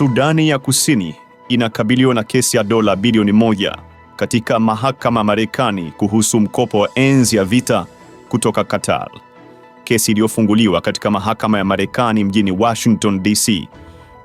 Sudani ya Kusini inakabiliwa na kesi ya dola bilioni moja katika mahakama Marekani kuhusu mkopo wa enzi ya vita kutoka Qatar, kesi iliyofunguliwa katika mahakama ya Marekani mjini Washington DC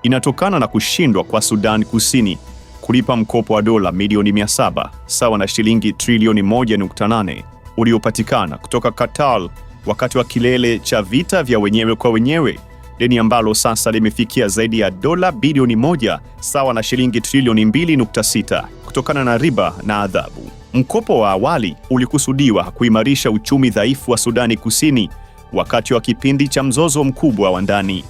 inatokana na kushindwa kwa Sudan Kusini kulipa mkopo wa dola milioni 700 sawa na shilingi trilioni 1.8 uliopatikana kutoka Qatar wakati wa kilele cha vita vya wenyewe kwa wenyewe deni ambalo sasa limefikia zaidi ya dola bilioni moja sawa na shilingi trilioni 2.6 kutokana na riba na adhabu. Mkopo wa awali ulikusudiwa kuimarisha uchumi dhaifu wa Sudani Kusini wakati wa kipindi cha mzozo mkubwa wa ndani.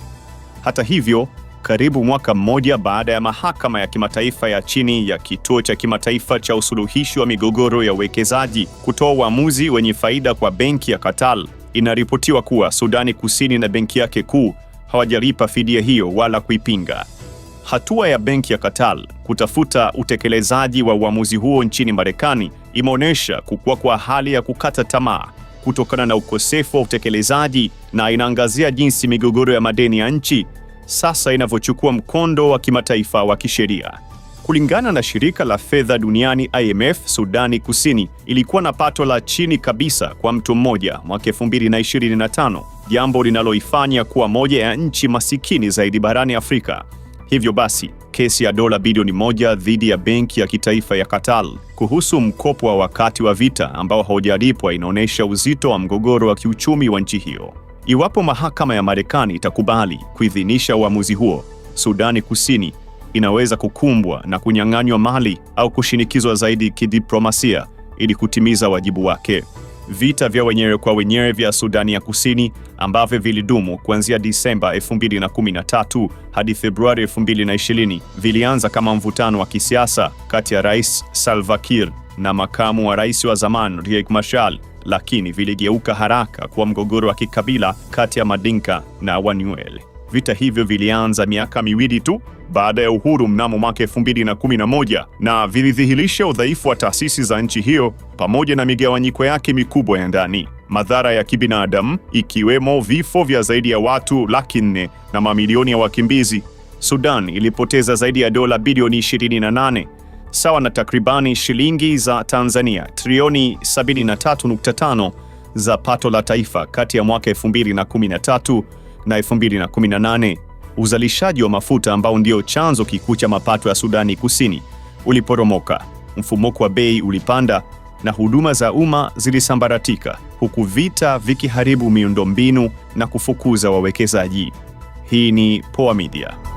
Hata hivyo, karibu mwaka mmoja baada ya mahakama ya kimataifa ya chini ya kituo cha kimataifa cha usuluhishi wa migogoro ya uwekezaji kutoa uamuzi wenye faida kwa benki ya katal inaripotiwa kuwa Sudani Kusini na benki yake kuu hawajalipa fidia hiyo wala kuipinga. Hatua ya benki ya Qatar kutafuta utekelezaji wa uamuzi huo nchini Marekani imeonyesha kukua kwa hali ya kukata tamaa kutokana na ukosefu wa utekelezaji na inaangazia jinsi migogoro ya madeni ya nchi sasa inavyochukua mkondo wa kimataifa wa kisheria. Kulingana na shirika la fedha duniani IMF, Sudani Kusini ilikuwa na pato la chini kabisa kwa mtu mmoja mwaka 2025 jambo linaloifanya kuwa moja ya nchi masikini zaidi barani Afrika. Hivyo basi, kesi ya dola bilioni moja dhidi ya benki ya kitaifa ya Qatar kuhusu mkopo wa wakati wa vita ambao haujalipwa inaonyesha uzito wa mgogoro wa kiuchumi wa nchi hiyo. Iwapo mahakama ya Marekani itakubali kuidhinisha uamuzi huo, Sudani Kusini inaweza kukumbwa na kunyang'anywa mali au kushinikizwa zaidi kidiplomasia ili kutimiza wajibu wake vita vya wenyewe kwa wenyewe vya Sudani ya Kusini ambavyo vilidumu kuanzia Disemba 2013 hadi Februari 2020 vilianza kama mvutano wa kisiasa kati ya Rais Salva Kiir na makamu wa rais wa zamani Riek Machar, lakini viligeuka haraka kuwa mgogoro wa kikabila kati ya Madinka na Wanuel. Vita hivyo vilianza miaka miwili tu baada ya uhuru mnamo mwaka 2011 na vilidhihirisha udhaifu wa taasisi za nchi hiyo pamoja na migawanyiko yake mikubwa ya ndani, madhara ya kibinadamu ikiwemo vifo vya zaidi ya watu laki nne na mamilioni ya wakimbizi. Sudan ilipoteza zaidi ya dola bilioni 28 sawa na takribani shilingi za Tanzania trilioni 73.5 za pato la taifa kati ya mwaka 2013 na 2018. Uzalishaji wa mafuta ambao ndio chanzo kikuu cha mapato ya Sudani Kusini uliporomoka, mfumuko wa bei ulipanda na huduma za umma zilisambaratika, huku vita vikiharibu miundombinu na kufukuza wawekezaji. Hii ni Poa Media.